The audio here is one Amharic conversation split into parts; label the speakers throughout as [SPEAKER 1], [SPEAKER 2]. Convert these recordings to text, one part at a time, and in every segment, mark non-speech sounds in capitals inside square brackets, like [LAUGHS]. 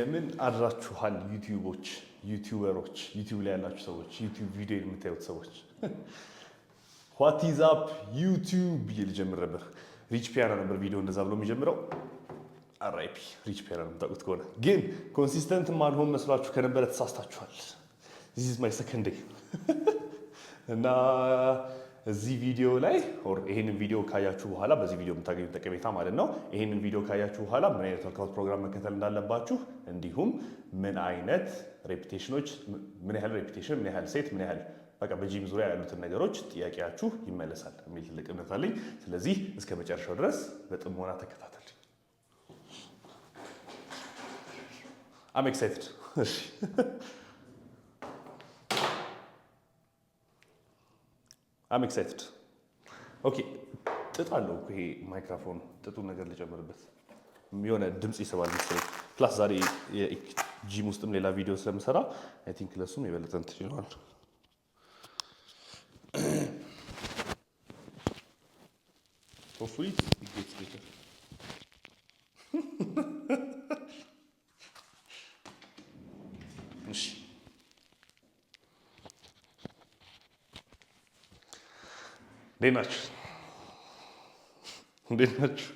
[SPEAKER 1] የምን አድራችኋል ዩቲዩቦች፣ ዩቲዩበሮች፣ ዩቲዩብ ላይ ያላችሁ ሰዎች፣ ዩቲዩብ ቪዲዮ የምታዩት ሰዎች ዋት ኢዝ አፕ ዩቲዩብ ብዬ ልጀምር ነበር። ሪች ፒያና ነበር ቪዲዮ እንደዛ ብሎ የሚጀምረው አራይፒ ሪች ፒያና ነው የምታውቁት ከሆነ ግን ኮንሲስተንት ማልሆን መስሏችሁ ከነበረ ተሳስታችኋል። ዚስ ማይ ሰከንድ እና እዚህ ቪዲዮ ላይ ኦር ይሄንን ቪዲዮ ካያችሁ በኋላ በዚህ ቪዲዮ የምታገኙት ጠቀሜታ ማለት ነው። ይህንን ቪዲዮ ካያችሁ በኋላ ምን አይነት ወርክአውት ፕሮግራም መከተል እንዳለባችሁ እንዲሁም ምን አይነት ሬፒቴሽኖች፣ ምን ያህል ሬፒቴሽን፣ ምን ያህል ሴት፣ ምን ያህል በቃ በጂም ዙሪያ ያሉትን ነገሮች ጥያቄያችሁ ይመለሳል የሚል ትልቅ እምነት አለኝ። ስለዚህ እስከ መጨረሻው ድረስ በጥሞና ተከታተል። አም ኤክሳይትድ [LAUGHS] አም ኤክሳይትድ። ኦኬ ጥጥ አለው ይሄ ማይክራፎን። ጥጡ ነገር ልጨምርበት የሆነ ድምፅ ይስባል መሰለኝ። ፕላስ ዛሬ ጂም ውስጥም ሌላ ቪዲዮ ስለምሰራ አይ ቲንክ ለሱም የበለጠን ትችለዋል። ሆፕፉሊ እሺ እንዴት ናችሁ? እንዴት ናችሁ?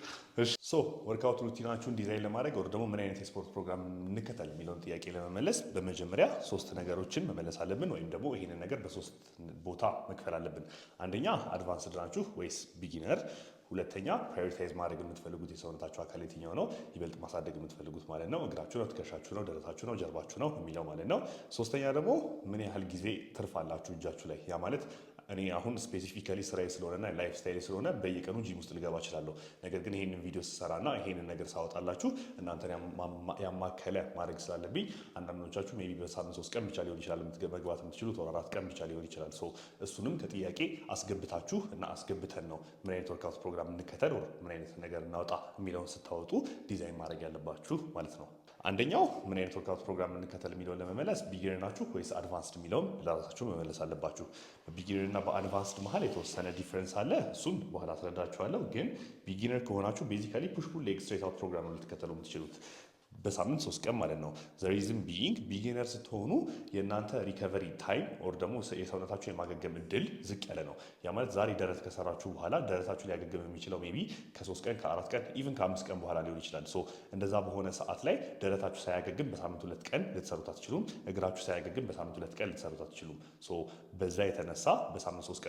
[SPEAKER 1] ሶ ወርክአውት ሩቲናችሁን ዲዛይን ለማድረግ ወር ደግሞ ምን አይነት የስፖርት ፕሮግራም እንከተል የሚለውን ጥያቄ ለመመለስ በመጀመሪያ ሶስት ነገሮችን መመለስ አለብን፣ ወይም ደግሞ ይህንን ነገር በሶስት ቦታ መክፈል አለብን። አንደኛ አድቫንስድ ናችሁ ወይስ ቢጊነር? ሁለተኛ ፕራዮሪታይዝ ማድረግ የምትፈልጉት የሰውነታችሁ አካል የትኛው ነው ይበልጥ ማሳደግ የምትፈልጉት ማለት ነው። እግራችሁ ነው፣ ትከሻችሁ ነው፣ ደረታችሁ ነው፣ ጀርባችሁ ነው የሚለው ማለት ነው። ሶስተኛ ደግሞ ምን ያህል ጊዜ ትርፍ አላችሁ እጃችሁ ላይ ያ ማለት እኔ አሁን ስፔሲፊካሊ ስራ ስለሆነና ላይፍ ስታይል ስለሆነ በየቀኑ ጂም ውስጥ ልገባ እችላለሁ። ነገር ግን ይህንን ቪዲዮ ስሰራና ይሄንን ነገር ሳወጣላችሁ እናንተን ያማከለ ማድረግ ስላለብኝ አንዳንዶቻችሁ ቢ በሳምንት ሶስት ቀን ብቻ ሊሆን ይችላል መግባት የምትችሉት ወር አራት ቀን ብቻ ሊሆን ይችላል። እሱንም ከጥያቄ አስገብታችሁ እና አስገብተን ነው ምን አይነት ወርካውት ፕሮግራም እንከተል ወር ምን አይነት ነገር እናወጣ የሚለውን ስታወጡ ዲዛይን ማድረግ ያለባችሁ ማለት ነው። አንደኛው ምን አይነት ወርካውት ፕሮግራም እንከተል የሚለውን ለመመለስ ቢጊነር ናችሁ ወይስ አድቫንስድ የሚለውን ለራሳችሁ መመለስ አለባችሁ። እና በአድቫንስድ መሀል የተወሰነ ዲፍረንስ አለ። እሱን በኋላ አስረዳችኋለሁ። ግን ቢጊነር ከሆናችሁ ቤዚካሊ ፑሽ ፑል ሌግ ስትሬት አውት ፕሮግራም ልትከተሉ የምትችሉት በሳምንት ሶስት ቀን ማለት ነው። ዘሪዝም ቢንግ ቢጊነር ስትሆኑ የእናንተ ሪከቨሪ ታይም ኦር ደግሞ የሰውነታችሁ የማገገም እድል ዝቅ ያለ ነው። ያ ማለት ዛሬ ደረት ከሰራችሁ በኋላ ደረታችሁ ሊያገግም የሚችለው ሜይ ቢ ከሶስት ቀን ከአራት ቀን ኢቨን ከአምስት ቀን በኋላ ሊሆን ይችላል። ሶ እንደዛ በሆነ ሰዓት ላይ ደረታችሁ ሳያገግም በሳምንት ሁለት ቀን ልትሰሩት አትችሉም። እግራችሁ ሳያገግም በሳምንት ሁለት ቀን ልትሰሩት አትችሉም። ሶ በዛ የተነሳ በሳምንት ሶስት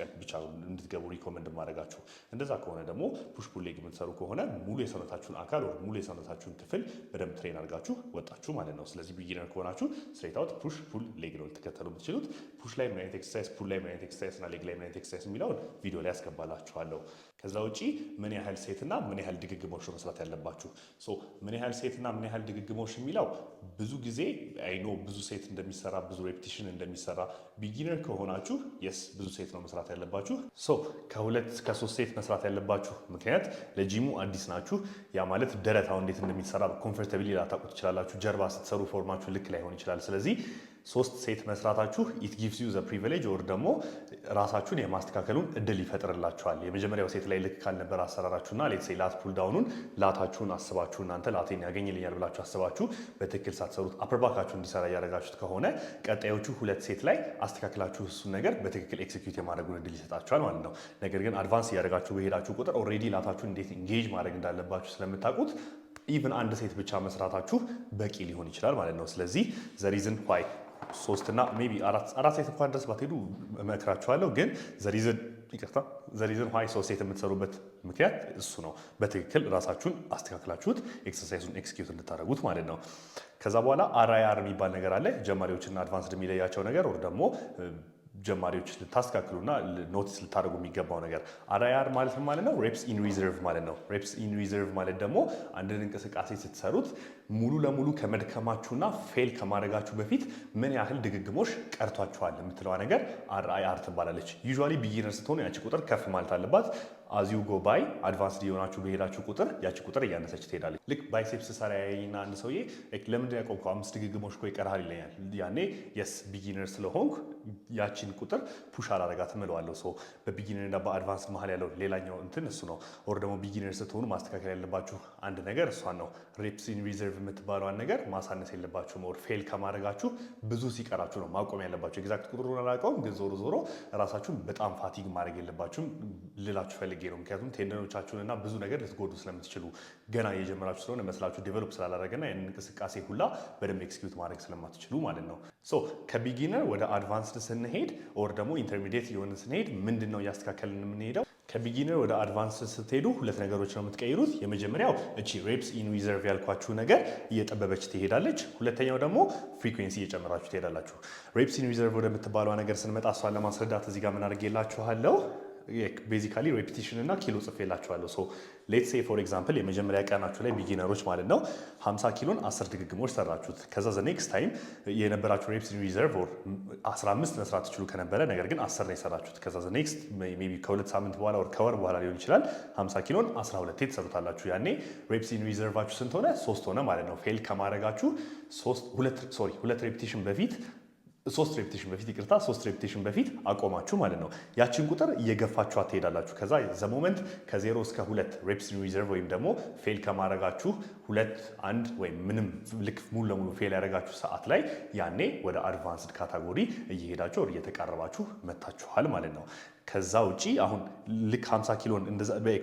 [SPEAKER 1] ቀን ብቻ ነው እንድትገቡ ሪኮመንድ ማድረጋችሁ። እንደዛ ከሆነ ደግሞ ፑሽ ፑል ሌግ የምትሰሩ ከሆነ ሙሉ የሰውነታችሁን አካል ሙሉ የሰውነታችሁ ያላችሁን ክፍል በደንብ ትሬን አድርጋችሁ ወጣችሁ ማለት ነው። ስለዚህ ቢጊነር ከሆናችሁ ስትሬት አውት ፑሽ ፑል ሌግ ነው ልትከተሉ የምትችሉት። ፑሽ ላይ ምን አይነት ኤክሰርሳይዝ፣ ፑል ላይ ምን አይነት ኤክሰርሳይዝ እና ሌግ ላይ ምን አይነት ኤክሰርሳይዝ የሚለውን ቪዲዮ ላይ ያስገባላችኋለሁ። ከዛ ውጪ ምን ያህል ሴትና ምን ያህል ድግግሞሽ መስራት ያለባችሁ። ምን ያህል ሴትና ምን ያህል ድግግሞሽ የሚለው ብዙ ጊዜ አይኖ ብዙ ሴት እንደሚሰራ ብዙ ሬፕቲሽን እንደሚሰራ ቢጊነር ከሆናችሁ የስ ብዙ ሴት ነው መስራት ያለባችሁ። ከሁለት ከሶስት ሴት መስራት ያለባችሁ፣ ምክንያት ለጂሙ አዲስ ናችሁ። ያ ማለት ደረታው እንዴት እንደሚሰራ ኮንፈርታብሊ ላታውቁ ትችላላችሁ። ጀርባ ስትሰሩ ፎርማችሁ ልክ ላይሆን ይችላል። ስለዚህ ሶስት ሴት መስራታችሁ ኢት ጊቭስ ዩ ዘ ፕሪቪሌጅ ኦር ደግሞ ራሳችሁን የማስተካከሉን እድል ይፈጥርላችኋል። የመጀመሪያው ሴት ላይ ልክ ካልነበር አሰራራችሁና ሌትሴ ላት ፑል ዳውኑን ላታችሁን አስባችሁ እናንተ ላቴን ያገኝልኛል ብላችሁ አስባችሁ በትክክል ሳትሰሩት አፕርባካችሁ እንዲሰራ እያደረጋችሁት ከሆነ ቀጣዮቹ ሁለት ሴት ላይ አስተካክላችሁ እሱን ነገር በትክክል ኤክሲኪዩት የማድረጉን እድል ይሰጣችኋል ማለት ነው። ነገር ግን አድቫንስ እያደረጋችሁ በሄዳችሁ ቁጥር ኦልሬዲ ላታችሁን እንዴት ኢንጌጅ ማድረግ እንዳለባችሁ ስለምታውቁት ኢቭን አንድ ሴት ብቻ መስራታችሁ በቂ ሊሆን ይችላል ማለት ነው። ስለዚህ ዘሪዝን ዋይ ሶስትና ሜቢ አራት ሴት እንኳን ድረስ ባትሄዱ እመክራችኋለሁ። ግን ዘሪዝን ይቅርታ ዘሪዝን ዋይ ሶስት ሴት የምትሰሩበት ምክንያት እሱ ነው። በትክክል ራሳችሁን አስተካክላችሁት ኤክሰርሳይዙን ኤክስኪዩት እንድታደርጉት ማለት ነው። ከዛ በኋላ አር አይ አር የሚባል ነገር አለ። ጀማሪዎችና አድቫንስድ የሚለያቸው ነገር ወር ደግሞ ጀማሪዎች ልታስካክሉና ኖቲስ ልታደርጉ የሚገባው ነገር አርአይአር ማለት ማለት ነው ሬፕስ ኢን ሪዘርቭ ማለት ነው። ሬፕስ ኢን ሪዘርቭ ማለት ደግሞ አንድን እንቅስቃሴ ስትሰሩት ሙሉ ለሙሉ ከመድከማችሁና ፌል ከማድረጋችሁ በፊት ምን ያህል ድግግሞሽ ቀርቷችኋል የምትለዋ ነገር አርአይአር ትባላለች። ዩዥዋሊ ቢጊነር ስትሆኑ ያቺ ቁጥር ከፍ ማለት አለባት። አዚው ጎ ባይ አድቫንስድ የሆናችሁ በሄዳችሁ ቁጥር ያቺ ቁጥር እያነሰች ትሄዳለች። ልክ ባይሴፕስ ሰራ ያይና አንድ ሰውዬ ለምንድን ያቆምኩ አምስት ድግግሞች እኮ ይቀርሃል ይለኛል። ያኔ የስ ቢጊነር ስለሆንኩ ያቺን ቁጥር ፑሽ አላረጋት ምለዋለሁ። ሰው በቢጊነር እና በአድቫንስድ መሀል ያለው ሌላኛው እንትን እሱ ነው። ወር ደግሞ ቢጊነር ስትሆኑ ማስተካከል ያለባችሁ አንድ ነገር እሷን ነው። ሬፕስ ኢን ሪዘርቭ የምትባለዋን ነገር ማሳነስ የለባችሁም። ኦር ፌል ከማድረጋችሁ ብዙ ሲቀራችሁ ነው ማቆም ያለባችሁ። ኤግዛክት ቁጥሩን አላውቀውም፣ ግን ዞሮ ዞሮ ራሳችሁን በጣም ፋቲግ ማድረግ የለባችሁም ልላችሁ ፈልግ ፈልጌ ነው። ምክንያቱም ቴንደኖቻችሁን እና ብዙ ነገር ልትጎዱ ስለምትችሉ ገና እየጀመራችሁ ስለሆነ መስላችሁ ዴቨሎፕ ስላላደረገና ያንን እንቅስቃሴ ሁላ በደንብ ኤክስኪዩት ማድረግ ስለማትችሉ ማለት ነው። ሶ ከቢጊነር ወደ አድቫንስድ ስንሄድ ኦር ደግሞ ኢንተርሚዲየት የሆነ ስንሄድ ምንድን ነው እያስተካከልን የምንሄደው? ከቢጊነር ወደ አድቫንስ ስትሄዱ ሁለት ነገሮች ነው የምትቀይሩት። የመጀመሪያው እቺ ሬፕስ ኢን ሪዘርቭ ያልኳችሁ ነገር እየጠበበች ትሄዳለች። ሁለተኛው ደግሞ ፍሪኩዌንሲ እየጨመራችሁ ትሄዳላችሁ። ሬፕስ ኢን ሪዘርቭ ወደምትባለዋ ነገር ስንመጣ እሷን ለማስረዳት እዚህ ጋር ምን አድርጌላችኋለሁ ቤዚካሊ ሬፒቲሽን እና ኪሎ ጽፌላችኋለሁ። ሶ ሌት ሴ ፎር ኤግዛምፕል የመጀመሪያ ቀናችሁ ላይ ቢጊነሮች ማለት ነው 50 ኪሎን 10 ድግግሞች ሰራችሁት። ከዛ ዘ ኔክስት ታይም የነበራችሁ ሬፕስ ሪዘርቭ ኦር 15 መስራት ትችሉ ከነበረ ነገር ግን 10 ነው የሰራችሁት። ከዛ ዘ ኔክስት ሜይ ቢ ከሁለት ሳምንት በኋላ ኦር ከወር በኋላ ሊሆን ይችላል 50 ኪሎን 12 ትሰሩታላችሁ። ያኔ ሬፕስ ሪዘርቫችሁ ስንት ሆነ? ሶስት ሆነ ማለት ነው። ፌል ከማድረጋችሁ ሁለት ሬፕቲሽን በፊት ሶስት ሬፕቴሽን በፊት ይቅርታ፣ ሶስት ሬፕቴሽን በፊት አቆማችሁ ማለት ነው። ያችን ቁጥር እየገፋችኋ ትሄዳላችሁ። ከዛ ዘ ሞመንት ከዜሮ እስከ ሁለት ሬፕስ ሪዘርቭ ወይም ደግሞ ፌል ከማድረጋችሁ ሁለት አንድ ወይም ምንም ልክ ሙሉ ለሙሉ ፌል ያደረጋችሁ ሰዓት ላይ ያኔ ወደ አድቫንስድ ካታጎሪ እየሄዳችሁ እየተቃረባችሁ መታችኋል ማለት ነው። ከዛ ውጪ አሁን ልክ 50 ኪሎን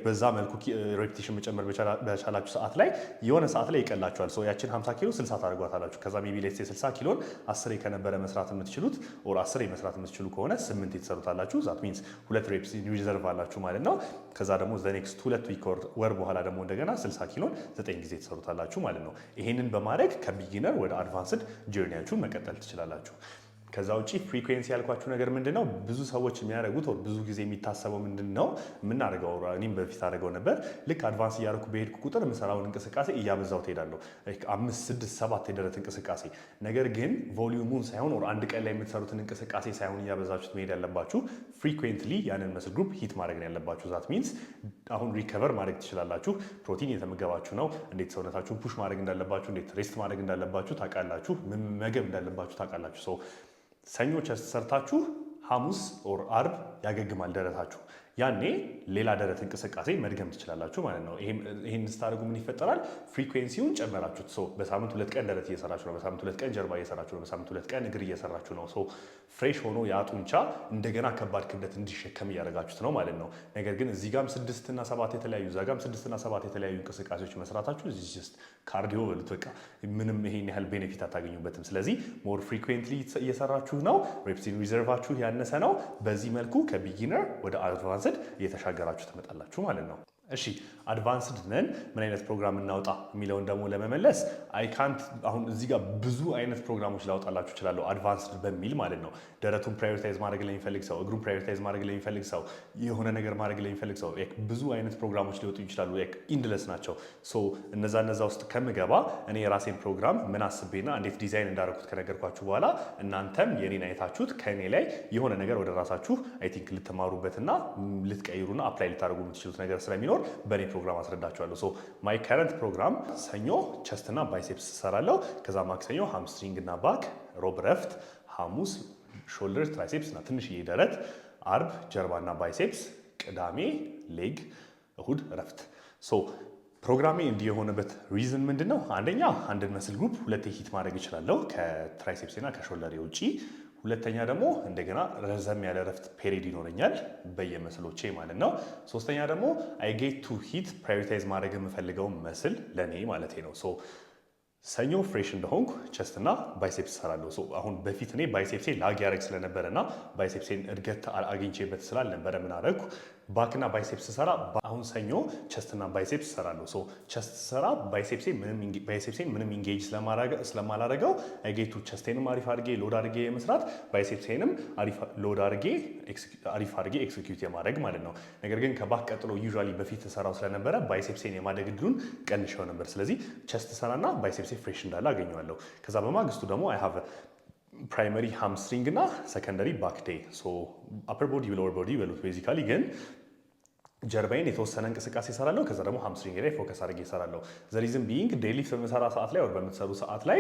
[SPEAKER 1] በዛ መልኩ ሬፕቴሽን መጨመር በቻላችሁ ሰዓት ላይ የሆነ ሰዓት ላይ ይቀላችኋል። ያችን 50 ኪሎ 60 ታደርጓታላችሁ። ከዛ ሜቢ ሌትስ 60 ኪሎን 10 ከነበረ መስራት የምትችሉት ኦር 10 መስራት የምትችሉ ከሆነ 8 የተሰሩታላችሁ ዛት ሚንስ ሁለት ሬፕስ ሪዘርቭ አላችሁ ማለት ነው። ከዛ ደግሞ ዘ ኔክስት ሁለት ዊክ ወር በኋላ ደግሞ እንደገና 60 ኪሎን 9 ጊዜ የተሰሩታላችሁ ማለት ነው። ይሄንን በማድረግ ከቢጊነር ወደ አድቫንስድ ጆርኒያችሁን መቀጠል ትችላላችሁ። ከዛ ውጭ ፍሪኩዌንሲ ያልኳችሁ ነገር ምንድን ነው? ብዙ ሰዎች የሚያደርጉት ብዙ ጊዜ የሚታሰበው ምንድን ነው የምናደርገው፣ እኔም በፊት አደርገው ነበር። ልክ አድቫንስ እያደረኩ በሄድኩ ቁጥር የምሰራውን እንቅስቃሴ እያበዛው ትሄዳለሁ፣ አምስት ስድስት ሰባት የደረት እንቅስቃሴ። ነገር ግን ቮሊዩሙን ሳይሆን ወር አንድ ቀን ላይ የምትሰሩትን እንቅስቃሴ ሳይሆን እያበዛችሁት መሄድ ያለባችሁ፣ ፍሪኩዌንትሊ ያንን መስል ግሩፕ ሂት ማድረግ ነው ያለባችሁ። ዛት ሚንስ አሁን ሪከቨር ማድረግ ትችላላችሁ። ፕሮቲን እየተመገባችሁ ነው። እንዴት ሰውነታችሁን ፑሽ ማድረግ እንዳለባችሁ፣ እንዴት ሬስት ማድረግ እንዳለባችሁ ታውቃላችሁ። መገብ እንዳለባችሁ ታውቃላችሁ። ሰኞ ሰርታችሁ ሐሙስ ኦር አርብ ያገግማል ደረታችሁ። ያኔ ሌላ ደረት እንቅስቃሴ መድገም ትችላላችሁ ማለት ነው። ይህን ስታደርጉ ምን ይፈጠራል? ፍሪኩዌንሲውን ጨመራችሁት። ሰው በሳምንት ሁለት ቀን ደረት እየሰራችሁ ነው፣ በሳምንት ሁለት ቀን ጀርባ እየሰራችሁ ነው፣ በሳምንት ሁለት ቀን እግር እየሰራችሁ ነው። ሰው ፍሬሽ ሆኖ የአጡንቻ እንደገና ከባድ ክብደት እንዲሸከም እያደረጋችሁት ነው ማለት ነው። ነገር ግን እዚህ ጋም ስድስትና ሰባት የተለያዩ እዛ ጋም ስድስትና ሰባት የተለያዩ እንቅስቃሴዎች መስራታችሁ ስ ካርዲዮ በሉት በቃ ምንም ይሄን ያህል ቤኔፊት አታገኙበትም። ስለዚህ ሞር ፍሪኩዌንትሊ እየሰራችሁ ነው፣ ሬፕሲን ሪዘርቫችሁ ያነሰ ነው። በዚህ መልኩ ከቢጊነር ወደ አድቫንስ በመውሰድ እየተሻገራችሁ ትመጣላችሁ ማለት ነው። እሺ አድቫንስድ ነን ምን አይነት ፕሮግራም እናውጣ የሚለውን ደግሞ ለመመለስ አይካንት አሁን እዚህ ጋር ብዙ አይነት ፕሮግራሞች ላውጣላችሁ እችላለሁ፣ አድቫንስድ በሚል ማለት ነው። ደረቱን ፕራዮሪታይዝ ማድረግ ለሚፈልግ ሰው፣ እግሩን ፕራዮሪታይዝ ማድረግ ለሚፈልግ ሰው፣ የሆነ ነገር ማድረግ ለሚፈልግ ሰው ብዙ አይነት ፕሮግራሞች ሊወጡ ይችላሉ። ኢንድለስ ናቸው። ሶ እነዛ እነዛ ውስጥ ከምገባ እኔ የራሴን ፕሮግራም ምን አስቤና እንዴት ዲዛይን እንዳደረኩት ከነገርኳችሁ በኋላ እናንተም የኔን አይታችሁት ከእኔ ላይ የሆነ ነገር ወደ ራሳችሁ አይ ቲንክ ልትማሩበትና ልትቀይሩና አፕላይ ልታደርጉ የምትችሉት ነገር ስለሚኖር ስለሚኖር በእኔ ፕሮግራም አስረዳቸዋለሁ። ሶ ማይ ከረንት ፕሮግራም ሰኞ ቸስት ባይሴፕስ እሰራለሁ። ከዛ ማክሰኞ ሃምስትሪንግ እና ባክ፣ ሮብ ረፍት፣ ሐሙስ ሾልደር ትራይሴፕስ እና ትንሽዬ ደረት፣ አርብ ጀርባ ባይሴፕስ፣ ቅዳሜ ሌግ፣ እሁድ ረፍት ሶ ፕሮግራሜ እንዲህ የሆነበት ሪዝን ምንድን ነው? አንደኛ አንድን መስል ግሩፕ ሁለቴ ሂት ማድረግ እችላለሁ ከትራይሴፕሴና ከሾልደር ውጪ። ሁለተኛ ደግሞ እንደገና ረዘም ያለ ረፍት ፔሪድ ይኖረኛል በየመስሎቼ ማለት ነው። ሶስተኛ ደግሞ አይ ጌት ቱ ሂት ፕራዮሪታይዝ ማድረግ የምፈልገው መስል ለእኔ ማለት ነው። ሶ ሰኞ ፍሬሽ እንደሆንኩ ቸስት እና ባይሴፕስ እሰራለሁ። አሁን በፊት እኔ ባይሴፕሴ ላግ ያደረግ ስለነበረ እና ባይሴፕሴን እድገት አግኝቼበት ስላልነበረ ምን አደረግኩ ባክና ባይሴፕስ ስሰራ አሁን ሰኞ ቸስትና ባይሴፕስ እሰራለሁ። ሶ ቸስት ስሰራ ባይሴፕሴ ምንም ኢንጌጅ ስለማላረገው ጌቱ ቸስቴንም አሪፍ አድርጌ ሎድ አድርጌ የመስራት ባይሴፕሴንም ሎድ አድርጌ አሪፍ አድርጌ ኤክስኪዩት የማድረግ ማለት ነው። ነገር ግን ከባክ ቀጥሎ ዩዥዋሊ በፊት ተሰራው ስለነበረ ባይሴፕሴን የማደግ እድሉን ቀንሸው ነበር። ስለዚህ ቸስት ሰራና ባይሴፕሴ ፍሬሽ እንዳለ አገኘዋለሁ። ከዛ በማግስቱ ደግሞ አይ አይሀቭ ፕራይመሪ ሃምስትሪንግ እና ሰከንደሪ ባክ ዴይ አፐር ቦዲ ሎወር ቦዲ በሉት ቤዚካሊ ግን ጀርባዬን የተወሰነ እንቅስቃሴ እሰራለሁ። ከዛ ደግሞ ሀምስትሪንግ ላይ ፎከስ አድርጌ እሰራለሁ። ዘሪዝን ቢይንግ ዴይሊ በምሰራ ሰዓት ላይ በምትሰሩ ሰዓት ላይ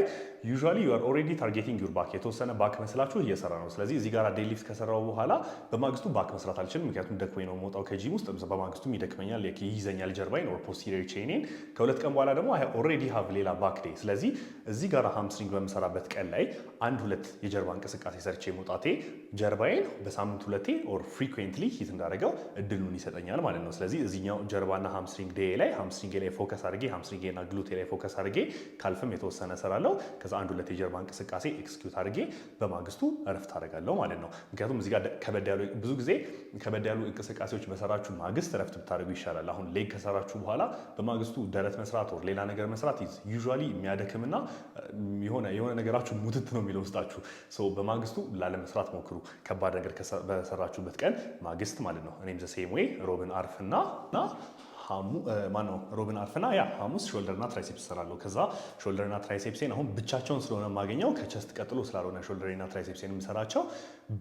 [SPEAKER 1] ዩዥዋሊ ዩ አር ኦልሬዲ ታርጌቲንግ ዩር ባክ የተወሰነ ባክ መስላችሁ እየሰራ ነው። ስለዚህ እዚህ ጋር ዴይሊፍት ከሰራው በኋላ በማግስቱ ባክ መስራት አልችልም፣ ምክንያቱም ደክሞኝ ነው የምወጣው ከጂም ውስጥ። በማግስቱም ይደክመኛል፣ ይይዘኛል ጀርባዬን ኦር ፖስቴሪየር ቼኔን። ከሁለት ቀን በኋላ ደግሞ ኦልሬዲ ሀቭ ሌላ ባክ ዴይ። ስለዚህ እዚህ ጋር ሀምስትሪንግ በምሰራበት ቀን ላይ አንድ ሁለት የጀርባ እንቅስቃሴ ሰርቼ መውጣቴ ጀርባዬን በሳምንት ሁለቴ ኦር ፍሪኩዌንትሊ ሂት እንዳደረገው እድሉን ይሰጠኛል። ማለት ነው። ስለዚህ እዚኛው ጀርባና ሃምስትሪንግ ዴ ላይ ሃምስትሪንግ ላይ ፎከስ አድርጌ ሃምስትሪንግ ሃምስትሪንጌና ግሉቴ ላይ ፎከስ አድርጌ ካልፍም የተወሰነ እሰራለሁ። ከዛ አንድ ሁለት የጀርባ እንቅስቃሴ ኤክስኪዩት አድርጌ በማግስቱ እረፍት አደርጋለሁ ማለት ነው። ምክንያቱም እዚህ ጋር ከበድ ያሉ ብዙ ጊዜ ከበድ ያሉ እንቅስቃሴዎች በሰራችሁ ማግስት እረፍት ብታደርጉ ይሻላል። አሁን ሌግ ከሰራችሁ በኋላ በማግስቱ ደረት መስራት ወር ሌላ ነገር መስራት ዩዥዋሊ የሚያደክምና የሆነ የሆነ ነገራችሁ ሙትት ነው የሚለው ውስጣችሁ። በማግስቱ ላለመስራት ሞክሩ። ከባድ ነገር በሰራችሁበት ቀን ማግስት ማለት ነው። እኔም ዘ ሴም ሮብን harf na, no, na, no. ማነው ሮብን አርፍና ያ ሐሙስ ሾልደርና ትራይሴፕስ እሰራለሁ። ከዛ ሾልደርና ትራይሴፕሴን አሁን ብቻቸውን ስለሆነ የማገኘው ከቸስት ቀጥሎ ስላልሆነ ሾልደሬና ትራይሴፕሴን የምሰራቸው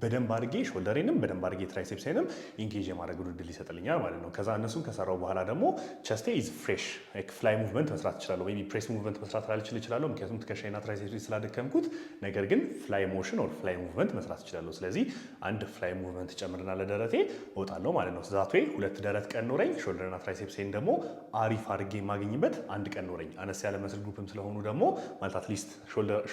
[SPEAKER 1] በደንብ አድርጌ ሾልደሬንም በደንብ አድርጌ ትራይሴፕሴንም ኢንጌጅ የማድረግ እድል ይሰጥልኛል ማለት ነው። ከዛ እነሱን ከሰራው በኋላ ደግሞ ቸስቴ ኢዝ ፍሬሽ ፍላይ ሙቭመንት መስራት እችላለሁ። ሜይ ቢ ፕሬስ ሙቭመንት መስራት ላልችል እችላለሁ፣ ምክንያቱም ትከሻና ትራይሴፕስ ስላደከምኩት። ነገር ግን ፍላይ ሞሽን ኦር ፍላይ ሙቭመንት መስራት እችላለሁ። ስለዚህ አንድ ፍላይ ሙቭመንት ጨምርና ለደረቴ እወጣለሁ ማለት ነው። ዛት ዌይ ሁለት ደረት ቀን ኖረኝ ሾልደርና ትራይሴፕስ ፐርሴንት ደግሞ አሪፍ አድርጌ የማገኝበት አንድ ቀን ኖረኝ። አነስ ያለ መስል ግሩፕም ስለሆኑ ደግሞ ማለት አትሊስት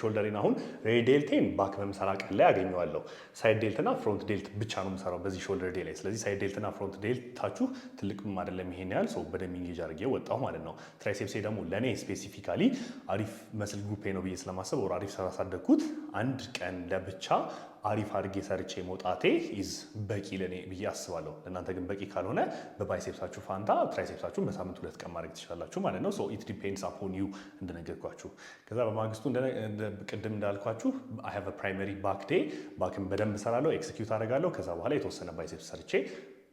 [SPEAKER 1] ሾልደሬን አሁን ሬ ዴልቴን ባክ በምሰራ ቀን ላይ አገኘዋለሁ። ሳይድ ዴልትና ፍሮንት ዴልት ብቻ ነው የምሰራው በዚህ ሾልደር ዴ ላይ። ስለዚህ ሳይድ ዴልትና ፍሮንት ዴልታችሁ ትልቅም አይደለም። ይሄን ያህል ሰው በደንብ ኢንጌጅ አድርጌ ወጣሁ ማለት ነው። ትራይሴፕሴ ደግሞ ለእኔ ስፔሲፊካሊ አሪፍ መስል ግሩፕ ነው ብዬ ስለማሰብ ወር አሪፍ ስራ ሳደግኩት አንድ ቀን ለብቻ አሪፍ አድርጌ ሰርቼ መውጣቴ ይዝ በቂ ለእኔ ብዬ አስባለሁ። ለእናንተ ግን በቂ ካልሆነ በባይሴፕሳችሁ ፋንታ ትራይሴፕሳችሁን በሳምንት ሁለት ቀን ማድረግ ትችላላችሁ ማለት ነው። ሶ ኢት ዲፔንድስ አፖን ዩ እንደነገርኳችሁ። ከዛ በማግስቱ ቅድም እንዳልኳችሁ አይ ሃቭ ፕራይመሪ ባክ ዴይ ባክን በደንብ ሰራለሁ፣ ኤክስኪዩት አደርጋለሁ። ከዛ በኋላ የተወሰነ ባይሴፕስ ሰርቼ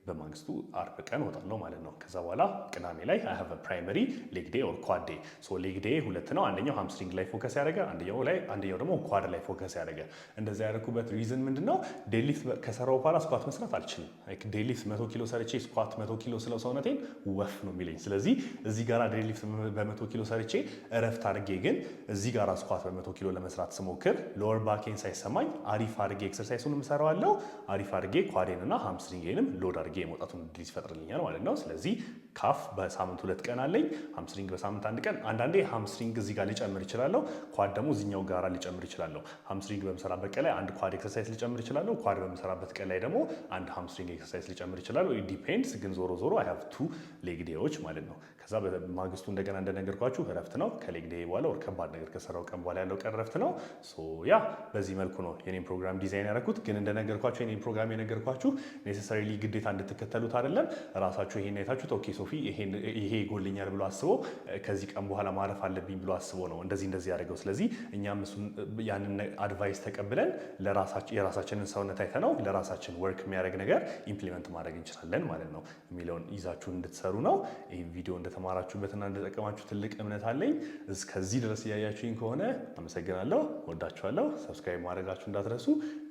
[SPEAKER 1] በማግስቱ አርብ ቀን ወጣለሁ ማለት ነው። ከዛ በኋላ ቅዳሜ ላይ አይ ሃቭ ፕራይመሪ ሌግ ዴይ ኦር ኳድ ዴይ። ሶ ሌግ ዴይ ሁለት ነው። አንደኛው ሃምስትሪንግ ላይ ፎከስ ያደረገ፣ አንደኛው ላይ አንደኛው ደግሞ ኳድ ላይ ፎከስ ያደረገ። እንደዚ ያደረኩበት ሪዝን ምንድን ነው? ዴይሊፍት ከሰራው በኋላ ስኳት መስራት አልችልም። ዴይሊፍት መቶ ኪሎ ሰርቼ ስኳት መቶ ኪሎ ስለው ሰውነቴን ወፍ ነው የሚለኝ። ስለዚህ እዚህ ጋራ ዴይሊፍት በመቶ ኪሎ ሰርቼ እረፍት አድርጌ ግን እዚህ ጋራ ስኳት በመቶ ኪሎ ለመስራት ስሞክር ሎወር ባኬን ሳይሰማኝ አሪፍ አድርጌ ኤክሰርሳይሱን ምሰራዋለው አሪፍ አድርጌ ኳዴንና እና ሃምስትሪንግንም ሎድ አድርጌ አድርጌ የመውጣቱን እድል ይፈጥርልኛል ማለት ነው። ስለዚህ ካፍ በሳምንት ሁለት ቀን አለኝ፣ ሀምስትሪንግ በሳምንት አንድ ቀን። አንዳንዴ ሀምስትሪንግ እዚህ ጋር ሊጨምር ይችላለሁ፣ ኳድ ደግሞ እዚኛው ጋራ ሊጨምር ይችላለሁ። ሀምስትሪንግ በምሰራበት ቀን ላይ አንድ ኳድ ኤክሰርሳይዝ ሊጨምር ይችላለሁ፣ ኳድ በምሰራበት ቀን ላይ ደግሞ አንድ ሀምስትሪንግ ኤክሰርሳይዝ ሊጨምር ይችላለሁ። ኢት ዲፔንድስ ግን ዞሮ ዞሮ አይ ሀቭ ቱ ሌግ ዴዎች ማለት ነው። ከዛ በማግስቱ እንደገና እንደነገርኳችሁ እረፍት ነው። ከሌግ ዴይ በኋላ ወር ከባድ ነገር ከሰራው ቀን በኋላ ያለው ቀን እረፍት ነው። ያ በዚህ መልኩ ነው የኔን ፕሮግራም ዲዛይን ያደረኩት። ግን እንደነገርኳችሁ የኔን ፕሮግራም የነገርኳችሁ ኔሴሰሪሊ ግዴታ እንድትከተሉት አይደለም። ራሳችሁ ይሄን አይታችሁት ኦኬ ሶፊ ይሄ ይጎልኛል ብሎ አስቦ ከዚህ ቀን በኋላ ማረፍ አለብኝ ብሎ አስቦ ነው እንደዚህ እንደዚህ ያደርገው። ስለዚህ እኛም ያንን አድቫይስ ተቀብለን የራሳችንን ሰውነት አይተነው ለራሳችን ወርክ የሚያደርግ ነገር ኢምፕሊመንት ማድረግ እንችላለን ማለት ነው የሚለውን ይዛችሁን እንድትሰሩ ነው ይህ ቪዲዮ እንደተማራችሁበትና እንደጠቀማችሁ ትልቅ እምነት አለኝ። እስከዚህ ድረስ እያያችሁኝ ከሆነ አመሰግናለሁ፣ ወዳችኋለሁ። ሰብስክራይብ ማድረጋችሁ እንዳትረሱ።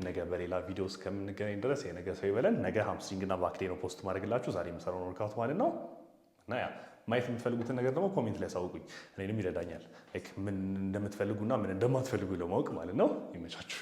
[SPEAKER 1] ነገ በሌላ ቪዲዮ እስከምንገናኝ ድረስ የነገ ሰው ይበለን። ነገ ሃምስትሪንግና ባክሌ ነው ፖስት ማድረግላችሁ ዛሬ የምሰራውን ወርካውት ማለት ነው እና ያ ማየት የምትፈልጉትን ነገር ደግሞ ኮሜንት ላይ ያሳውቁኝ፣ እኔንም ይረዳኛል ምን እንደምትፈልጉና ምን እንደማትፈልጉ ለማወቅ ማለት ነው። ይመቻችሁ።